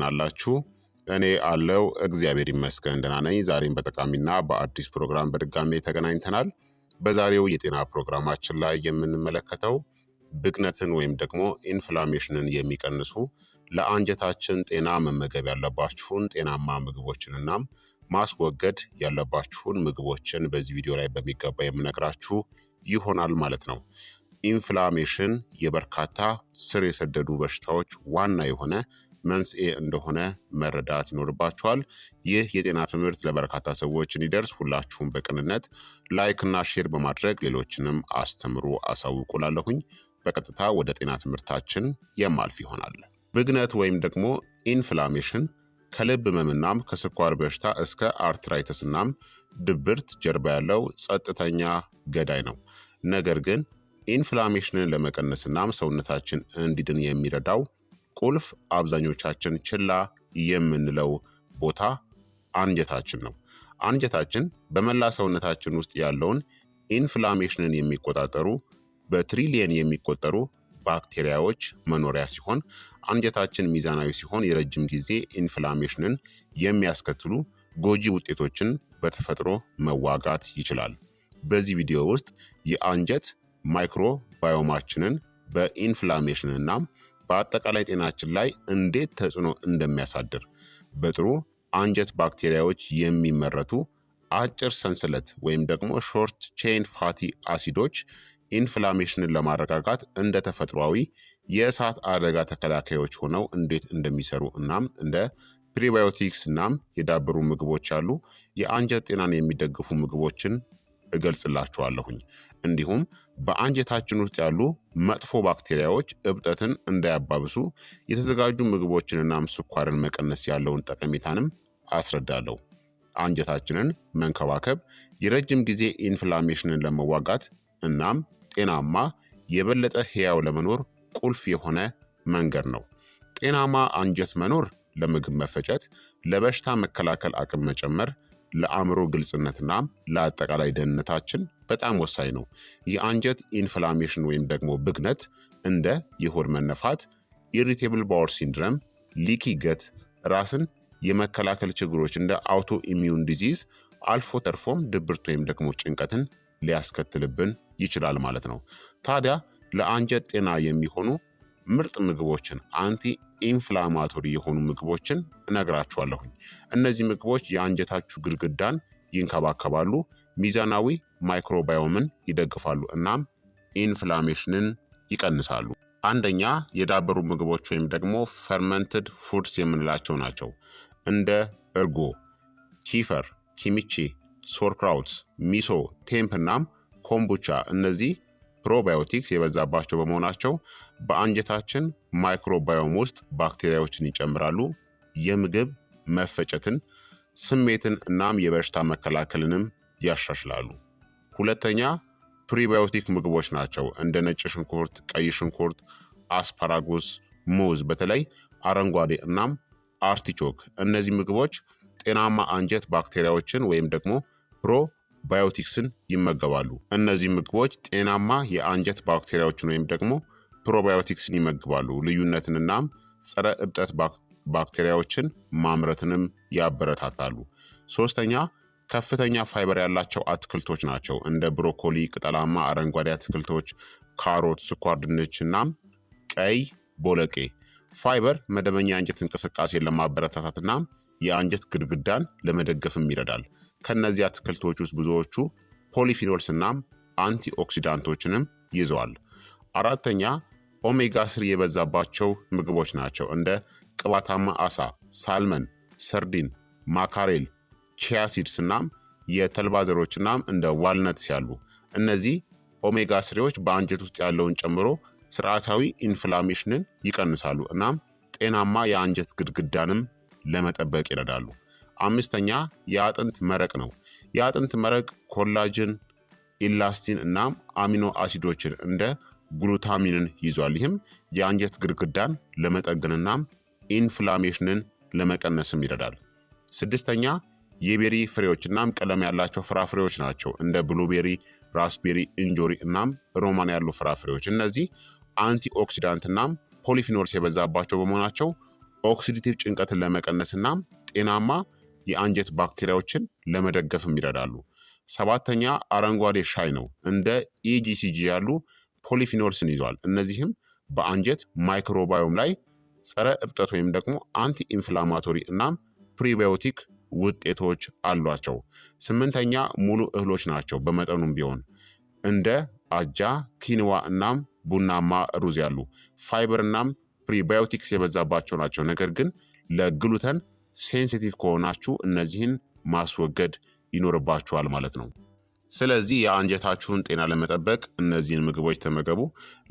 ትናላችሁ? እኔ አለው እግዚአብሔር ይመስገን ደህና ነኝ። ዛሬም በጠቃሚና በአዲስ ፕሮግራም በድጋሜ ተገናኝተናል። በዛሬው የጤና ፕሮግራማችን ላይ የምንመለከተው ብግነትን ወይም ደግሞ ኢንፍላሜሽንን የሚቀንሱ ለአንጀታችን ጤና መመገብ ያለባችሁን ጤናማ ምግቦችንና ማስወገድ ያለባችሁን ምግቦችን በዚህ ቪዲዮ ላይ በሚገባ የምነግራችሁ ይሆናል ማለት ነው። ኢንፍላሜሽን የበርካታ ስር የሰደዱ በሽታዎች ዋና የሆነ መንስኤ እንደሆነ መረዳት ይኖርባችኋል። ይህ የጤና ትምህርት ለበርካታ ሰዎች እንዲደርስ ሁላችሁም በቅንነት ላይክና ሼር በማድረግ ሌሎችንም አስተምሩ፣ አሳውቁላለሁኝ። በቀጥታ ወደ ጤና ትምህርታችን የማልፍ ይሆናል። ብግነት ወይም ደግሞ ኢንፍላሜሽን ከልብ ህመምናም ከስኳር በሽታ እስከ እናም ድብርት ጀርባ ያለው ጸጥተኛ ገዳይ ነው። ነገር ግን ኢንፍላሜሽንን ለመቀነስናም ሰውነታችን እንዲድን የሚረዳው ቁልፍ አብዛኞቻችን ችላ የምንለው ቦታ አንጀታችን ነው። አንጀታችን በመላ ሰውነታችን ውስጥ ያለውን ኢንፍላሜሽንን የሚቆጣጠሩ በትሪሊየን የሚቆጠሩ ባክቴሪያዎች መኖሪያ ሲሆን አንጀታችን ሚዛናዊ ሲሆን የረጅም ጊዜ ኢንፍላሜሽንን የሚያስከትሉ ጎጂ ውጤቶችን በተፈጥሮ መዋጋት ይችላል። በዚህ ቪዲዮ ውስጥ የአንጀት ማይክሮባዮማችንን በኢንፍላሜሽንና በአጠቃላይ ጤናችን ላይ እንዴት ተጽዕኖ እንደሚያሳድር በጥሩ አንጀት ባክቴሪያዎች የሚመረቱ አጭር ሰንሰለት ወይም ደግሞ ሾርት ቼን ፋቲ አሲዶች ኢንፍላሜሽንን ለማረጋጋት እንደ ተፈጥሯዊ የእሳት አደጋ ተከላካዮች ሆነው እንዴት እንደሚሰሩ እናም እንደ ፕሪባዮቲክስ እናም የዳበሩ ምግቦች አሉ የአንጀት ጤናን የሚደግፉ ምግቦችን እገልጽላችኋለሁኝ። እንዲሁም በአንጀታችን ውስጥ ያሉ መጥፎ ባክቴሪያዎች እብጠትን እንዳያባብሱ የተዘጋጁ ምግቦችንና ስኳርን መቀነስ ያለውን ጠቀሜታንም አስረዳለሁ። አንጀታችንን መንከባከብ የረጅም ጊዜ ኢንፍላሜሽንን ለመዋጋት እናም ጤናማ የበለጠ ህያው ለመኖር ቁልፍ የሆነ መንገድ ነው። ጤናማ አንጀት መኖር ለምግብ መፈጨት፣ ለበሽታ መከላከል አቅም መጨመር ለአእምሮ ግልጽነትና ለአጠቃላይ ደህንነታችን በጣም ወሳኝ ነው። የአንጀት ኢንፍላሜሽን ወይም ደግሞ ብግነት እንደ የሆድ መነፋት፣ ኢሪቴብል ባወር ሲንድረም፣ ሊኪ ገት፣ ራስን የመከላከል ችግሮች እንደ አውቶ ኢሚዩን ዲዚዝ አልፎ ተርፎም ድብርት ወይም ደግሞ ጭንቀትን ሊያስከትልብን ይችላል ማለት ነው። ታዲያ ለአንጀት ጤና የሚሆኑ ምርጥ ምግቦችን አንቲ ኢንፍላማቶሪ የሆኑ ምግቦችን እነግራችኋለሁኝ። እነዚህ ምግቦች የአንጀታችሁ ግድግዳን ይንከባከባሉ፣ ሚዛናዊ ማይክሮባዮምን ይደግፋሉ፣ እናም ኢንፍላሜሽንን ይቀንሳሉ። አንደኛ የዳበሩ ምግቦች ወይም ደግሞ ፈርመንትድ ፉድስ የምንላቸው ናቸው። እንደ እርጎ፣ ኪፈር፣ ኪሚቺ፣ ሶርክራውትስ፣ ሚሶ፣ እናም ኮምቡቻ እነዚህ ፕሮባዮቲክስ የበዛባቸው በመሆናቸው በአንጀታችን ማይክሮባዮም ውስጥ ባክቴሪያዎችን ይጨምራሉ። የምግብ መፈጨትን፣ ስሜትን እናም የበሽታ መከላከልንም ያሻሽላሉ። ሁለተኛ ፕሪባዮቲክ ምግቦች ናቸው። እንደ ነጭ ሽንኩርት፣ ቀይ ሽንኩርት፣ አስፓራጉስ፣ ሙዝ፣ በተለይ አረንጓዴ እናም አርቲቾክ። እነዚህ ምግቦች ጤናማ አንጀት ባክቴሪያዎችን ወይም ደግሞ ፕሮ ባዮቲክስን ይመገባሉ። እነዚህ ምግቦች ጤናማ የአንጀት ባክቴሪያዎችን ወይም ደግሞ ፕሮባዮቲክስን ይመግባሉ። ልዩነትን ጸረ እብጠት ባክቴሪያዎችን ማምረትንም ያበረታታሉ። ሶስተኛ ከፍተኛ ፋይበር ያላቸው አትክልቶች ናቸው። እንደ ብሮኮሊ፣ ቅጠላማ አረንጓዴ አትክልቶች፣ ካሮት፣ ስኳር ድንች እናም ቀይ ቦለቄ። ፋይበር መደበኛ የአንጀት እንቅስቃሴን ለማበረታታት የአንጀት ግድግዳን ለመደገፍም ይረዳል። ከእነዚህ አትክልቶች ውስጥ ብዙዎቹ ፖሊፊኖልስ እናም አንቲ ይዘዋል። አራተኛ ኦሜጋ ስሪ የበዛባቸው ምግቦች ናቸው። እንደ ቅባታማ አሳ፣ ሳልመን፣ ሰርዲን፣ ማካሬል፣ ቺያሲድስ እናም የተልባ ዘሮች እናም እንደ ዋልነትስ ያሉ እነዚህ ኦሜጋ ስሪዎች በአንጀት ውስጥ ያለውን ጨምሮ ስርዓታዊ ኢንፍላሜሽንን ይቀንሳሉ እናም ጤናማ የአንጀት ግድግዳንም ለመጠበቅ ይረዳሉ። አምስተኛ የአጥንት መረቅ ነው። የአጥንት መረቅ ኮላጅን፣ ኢላስቲን እናም አሚኖ አሲዶችን እንደ ግሉታሚንን ይዟል። ይህም የአንጀት ግድግዳን ለመጠገን እናም ኢንፍላሜሽንን ለመቀነስም ይረዳል። ስድስተኛ የቤሪ ፍሬዎች እናም ቀለም ያላቸው ፍራፍሬዎች ናቸው። እንደ ብሉቤሪ፣ ራስቤሪ፣ እንጆሪ እናም ሮማን ያሉ ፍራፍሬዎች እነዚህ አንቲኦክሲዳንት እናም ፖሊፊኖልስ የበዛባቸው በመሆናቸው ኦክሲዲቲቭ ጭንቀትን ለመቀነስ እናም ጤናማ የአንጀት ባክቴሪያዎችን ለመደገፍም ይረዳሉ። ሰባተኛ አረንጓዴ ሻይ ነው። እንደ ኢጂሲጂ e ያሉ ፖሊፊኖልስን ይዟል። እነዚህም በአንጀት ማይክሮባዮም ላይ ጸረ እብጠት ወይም ደግሞ አንቲ ኢንፍላማቶሪ እናም ፕሪባዮቲክ ውጤቶች አሏቸው። ስምንተኛ ሙሉ እህሎች ናቸው። በመጠኑም ቢሆን እንደ አጃ፣ ኪንዋ እናም ቡናማ ሩዝ ያሉ ፋይበር እናም ፕሪባዮቲክስ የበዛባቸው ናቸው። ነገር ግን ለግሉተን ሴንሲቲቭ ከሆናችሁ እነዚህን ማስወገድ ይኖርባችኋል ማለት ነው። ስለዚህ የአንጀታችሁን ጤና ለመጠበቅ እነዚህን ምግቦች ተመገቡ።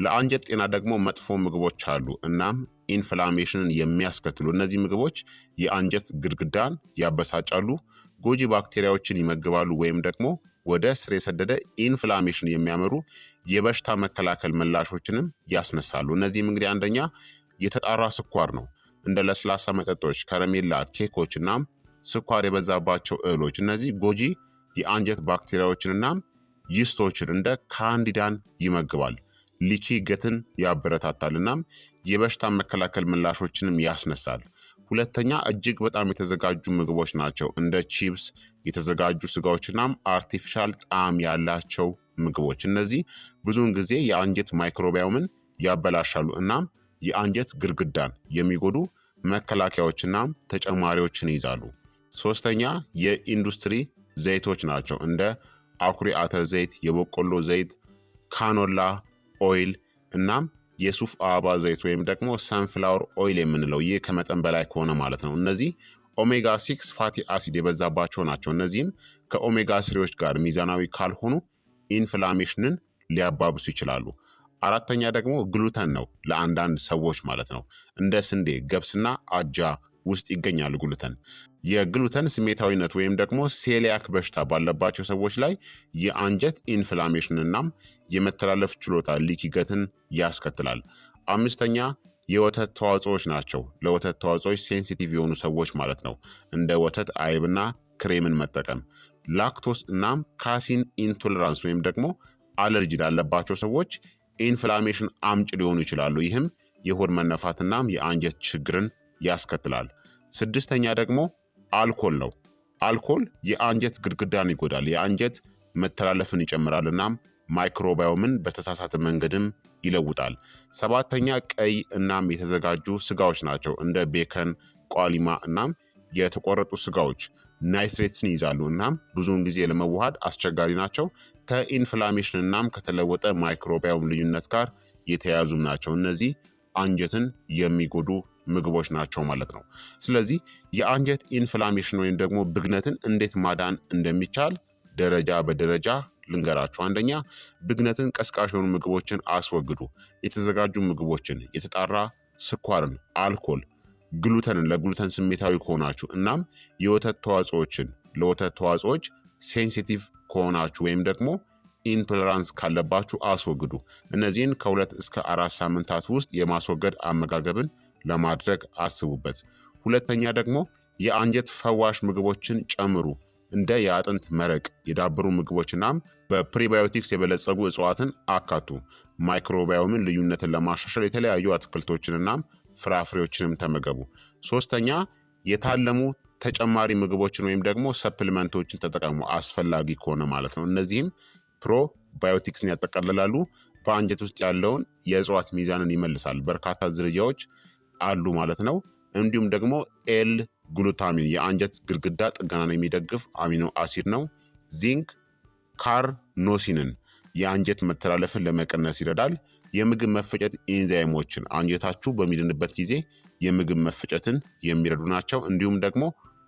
ለአንጀት ጤና ደግሞ መጥፎ ምግቦች አሉ። እናም ኢንፍላሜሽንን የሚያስከትሉ እነዚህ ምግቦች የአንጀት ግድግዳን ያበሳጫሉ፣ ጎጂ ባክቴሪያዎችን ይመግባሉ፣ ወይም ደግሞ ወደ ስር የሰደደ ኢንፍላሜሽን የሚያመሩ የበሽታ መከላከል ምላሾችንም ያስነሳሉ። እነዚህም እንግዲህ አንደኛ የተጣራ ስኳር ነው። እንደ ለስላሳ መጠጦች፣ ከረሜላ፣ ኬኮች እናም ስኳር የበዛባቸው እህሎች። እነዚህ ጎጂ የአንጀት እናም ይስቶችን እንደ ካንዲዳን ይመግባል። ሊኪ ገትን ያበረታታል እናም የበሽታ መከላከል ምላሾችንም ያስነሳል። ሁለተኛ እጅግ በጣም የተዘጋጁ ምግቦች ናቸው። እንደ ቺፕስ የተዘጋጁ ስጋዎችናም አርቲፊሻል ጣዕም ያላቸው ምግቦች። እነዚህ ብዙውን ጊዜ የአንጀት ማይክሮቢያምን ያበላሻሉ እናም የአንጀት ግድግዳን የሚጎዱ መከላከያዎችና ተጨማሪዎችን ይይዛሉ። ሶስተኛ የኢንዱስትሪ ዘይቶች ናቸው። እንደ አኩሪ አተር ዘይት፣ የበቆሎ ዘይት፣ ካኖላ ኦይል እናም የሱፍ አበባ ዘይት ወይም ደግሞ ሰንፍላወር ኦይል የምንለው ይህ ከመጠን በላይ ከሆነ ማለት ነው። እነዚህ ኦሜጋ ሲክስ ፋቲ አሲድ የበዛባቸው ናቸው። እነዚህም ከኦሜጋ ስሪዎች ጋር ሚዛናዊ ካልሆኑ ኢንፍላሜሽንን ሊያባብሱ ይችላሉ። አራተኛ ደግሞ ግሉተን ነው። ለአንዳንድ ሰዎች ማለት ነው። እንደ ስንዴ፣ ገብስና አጃ ውስጥ ይገኛል ግሉተን። የግሉተን ስሜታዊነት ወይም ደግሞ ሴሊያክ በሽታ ባለባቸው ሰዎች ላይ የአንጀት ኢንፍላሜሽን እናም የመተላለፍ ችሎታ ሊኪገትን ያስከትላል። አምስተኛ የወተት ተዋጽኦች ናቸው። ለወተት ተዋጽኦች ሴንሲቲቭ የሆኑ ሰዎች ማለት ነው። እንደ ወተት አይብና ክሬምን መጠቀም ላክቶስ እናም ካሲን ኢንቶለራንስ ወይም ደግሞ አለርጂ ላለባቸው ሰዎች ኢንፍላሜሽን አምጭ ሊሆኑ ይችላሉ። ይህም የሆድ መነፋትናም የአንጀት ችግርን ያስከትላል። ስድስተኛ ደግሞ አልኮል ነው። አልኮል የአንጀት ግድግዳን ይጎዳል፣ የአንጀት መተላለፍን ይጨምራል፣ እናም ማይክሮባዮምን በተሳሳተ መንገድም ይለውጣል። ሰባተኛ ቀይ እናም የተዘጋጁ ስጋዎች ናቸው እንደ ቤከን፣ ቋሊማ እናም የተቆረጡ ስጋዎች ናይትሬትስን ይይዛሉ እናም ብዙውን ጊዜ ለመዋሃድ አስቸጋሪ ናቸው። ከኢንፍላሜሽን እናም ከተለወጠ ማይክሮቢያውም ልዩነት ጋር የተያያዙም ናቸው። እነዚህ አንጀትን የሚጎዱ ምግቦች ናቸው ማለት ነው። ስለዚህ የአንጀት ኢንፍላሜሽን ወይም ደግሞ ብግነትን እንዴት ማዳን እንደሚቻል ደረጃ በደረጃ ልንገራችሁ። አንደኛ ብግነትን ቀስቃሽ የሆኑ ምግቦችን አስወግዱ። የተዘጋጁ ምግቦችን፣ የተጣራ ስኳርን፣ አልኮል ግሉተንን ለግሉተን ስሜታዊ ከሆናችሁ እናም የወተት ተዋጽኦችን ለወተት ተዋጽኦች ሴንሲቲቭ ከሆናችሁ ወይም ደግሞ ኢንቶለራንስ ካለባችሁ አስወግዱ። እነዚህን ከሁለት እስከ አራት ሳምንታት ውስጥ የማስወገድ አመጋገብን ለማድረግ አስቡበት። ሁለተኛ ደግሞ የአንጀት ፈዋሽ ምግቦችን ጨምሩ። እንደ የአጥንት መረቅ፣ የዳበሩ ምግቦች እናም በፕሪባዮቲክስ የበለጸጉ እጽዋትን አካቱ። ማይክሮባዮምን ልዩነትን ለማሻሻል የተለያዩ አትክልቶችን እናም ፍራፍሬዎችንም ተመገቡ። ሶስተኛ የታለሙ ተጨማሪ ምግቦችን ወይም ደግሞ ሰፕልመንቶችን ተጠቀሙ አስፈላጊ ከሆነ ማለት ነው። እነዚህም ፕሮባዮቲክስን ያጠቃልላሉ። በአንጀት ውስጥ ያለውን የእጽዋት ሚዛንን ይመልሳል። በርካታ ዝርያዎች አሉ ማለት ነው። እንዲሁም ደግሞ ኤል ጉሉታሚን የአንጀት ግድግዳ ጥገናን የሚደግፍ አሚኖ አሲድ ነው። ዚንክ ካርኖሲንን የአንጀት መተላለፍን ለመቀነስ ይረዳል። የምግብ መፈጨት ኢንዛይሞችን አንጀታችሁ በሚድንበት ጊዜ የምግብ መፈጨትን የሚረዱ ናቸው። እንዲሁም ደግሞ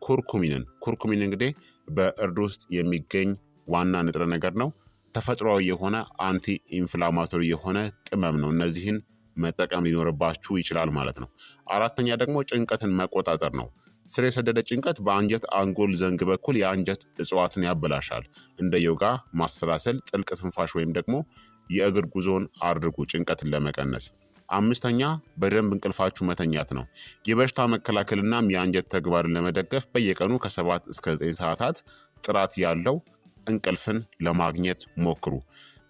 ኩርኩሚንን ኩርኩሚን እንግዲህ በእርድ ውስጥ የሚገኝ ዋና ንጥረ ነገር ነው። ተፈጥሯዊ የሆነ አንቲ ኢንፍላማቶሪ የሆነ ቅመም ነው። እነዚህን መጠቀም ሊኖርባችሁ ይችላል ማለት ነው። አራተኛ ደግሞ ጭንቀትን መቆጣጠር ነው። ስር የሰደደ ጭንቀት በአንጀት አንጎል ዘንግ በኩል የአንጀት እጽዋትን ያበላሻል። እንደ ዮጋ፣ ማሰላሰል፣ ጥልቅ ትንፋሽ ወይም ደግሞ የእግር ጉዞን አድርጉ ጭንቀትን ለመቀነስ። አምስተኛ በደንብ እንቅልፋችሁ መተኛት ነው። የበሽታ መከላከልናም የአንጀት ተግባርን ለመደገፍ በየቀኑ ከሰባት እስከ ዘጠኝ ሰዓታት ጥራት ያለው እንቅልፍን ለማግኘት ሞክሩ።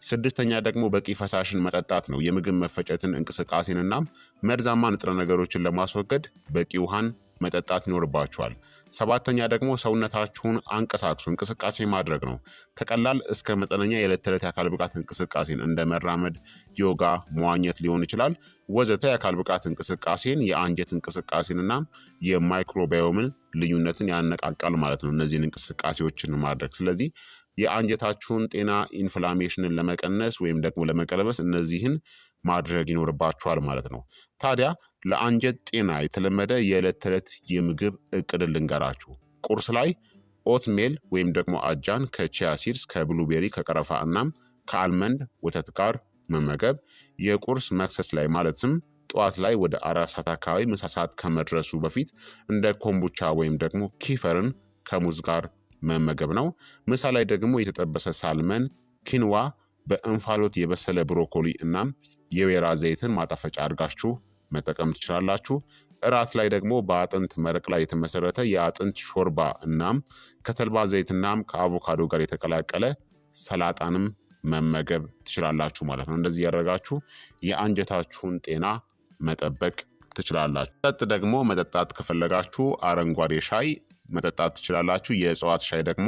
ስድስተኛ ደግሞ በቂ ፈሳሽን መጠጣት ነው። የምግብ መፈጨትን እንቅስቃሴንናም መርዛማ ንጥረ ነገሮችን ለማስወገድ በቂ ውሃን መጠጣት ይኖርባችኋል። ሰባተኛ ደግሞ ሰውነታችሁን አንቀሳቅሱ፣ እንቅስቃሴ ማድረግ ነው። ከቀላል እስከ መጠነኛ የዕለት ተዕለት የአካል ብቃት እንቅስቃሴን እንደ መራመድ፣ ዮጋ፣ መዋኘት ሊሆን ይችላል ወዘተ የአካል ብቃት እንቅስቃሴን የአንጀት እንቅስቃሴንና የማይክሮባዮምን ልዩነትን ያነቃቃል ማለት ነው። እነዚህን እንቅስቃሴዎችን ማድረግ ስለዚህ የአንጀታችሁን ጤና ኢንፍላሜሽንን ለመቀነስ ወይም ደግሞ ለመቀለበስ እነዚህን ማድረግ ይኖርባችኋል ማለት ነው። ታዲያ ለአንጀት ጤና የተለመደ የዕለት ተዕለት የምግብ እቅድ ልንገራችሁ። ቁርስ ላይ ኦትሜል ወይም ደግሞ አጃን ከቺያ ሲድስ፣ ከብሉቤሪ፣ ከቀረፋ እናም ከአልመንድ ወተት ጋር መመገብ። የቁርስ መክሰስ ላይ ማለትም ጠዋት ላይ ወደ አራት ሰዓት አካባቢ ምሳ ሰዓት ከመድረሱ በፊት እንደ ኮምቡቻ ወይም ደግሞ ኪፈርን ከሙዝ ጋር መመገብ ነው። ምሳ ላይ ደግሞ የተጠበሰ ሳልመን፣ ኪንዋ፣ በእንፋሎት የበሰለ ብሮኮሊ እናም የወይራ ዘይትን ማጣፈጫ አድርጋችሁ መጠቀም ትችላላችሁ። እራት ላይ ደግሞ በአጥንት መረቅ ላይ የተመሰረተ የአጥንት ሾርባ እናም ከተልባ ዘይትናም ከአቮካዶ ጋር የተቀላቀለ ሰላጣንም መመገብ ትችላላችሁ ማለት ነው። እንደዚህ ያደረጋችሁ የአንጀታችሁን ጤና መጠበቅ ትችላላችሁ። መጠጥ ደግሞ መጠጣት ከፈለጋችሁ አረንጓዴ ሻይ መጠጣት ትችላላችሁ። የእጽዋት ሻይ ደግሞ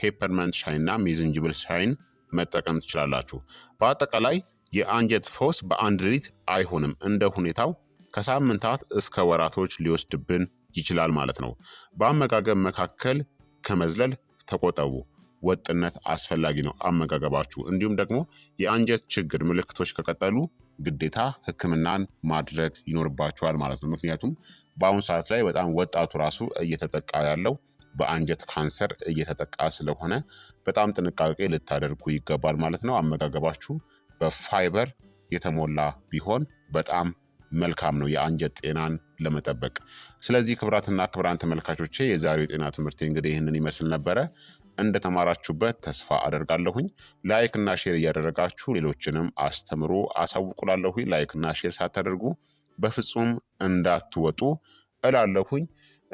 ፔፐርመንት ሻይናም የዝንጅብል ሻይን መጠቀም ትችላላችሁ። በአጠቃላይ የአንጀት ፈውስ በአንድ ሌሊት አይሆንም። እንደ ሁኔታው ከሳምንታት እስከ ወራቶች ሊወስድብን ይችላል ማለት ነው። በአመጋገብ መካከል ከመዝለል ተቆጠቡ። ወጥነት አስፈላጊ ነው። አመጋገባችሁ እንዲሁም ደግሞ የአንጀት ችግር ምልክቶች ከቀጠሉ ግዴታ ሕክምናን ማድረግ ይኖርባችኋል ማለት ነው። ምክንያቱም በአሁኑ ሰዓት ላይ በጣም ወጣቱ ራሱ እየተጠቃ ያለው በአንጀት ካንሰር እየተጠቃ ስለሆነ በጣም ጥንቃቄ ልታደርጉ ይገባል ማለት ነው። አመጋገባችሁ በፋይበር የተሞላ ቢሆን በጣም መልካም ነው የአንጀት ጤናን ለመጠበቅ። ስለዚህ ክብራትና ክብራን ተመልካቾቼ የዛሬው የጤና ትምህርት እንግዲህ ይህንን ይመስል ነበረ። እንደተማራችሁበት ተስፋ አደርጋለሁኝ። ላይክ እና ሼር እያደረጋችሁ ሌሎችንም አስተምሩ አሳውቁላለሁኝ። ላይክ እና ሼር ሳታደርጉ በፍጹም እንዳትወጡ እላለሁኝ።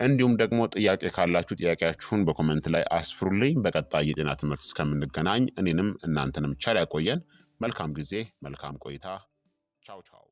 እንዲሁም ደግሞ ጥያቄ ካላችሁ ጥያቄያችሁን በኮመንት ላይ አስፍሩልኝ። በቀጣይ የጤና ትምህርት እስከምንገናኝ እኔንም እናንተንም ቻል ያቆየን። መልካም ጊዜ፣ መልካም ቆይታ። ቻው ቻው።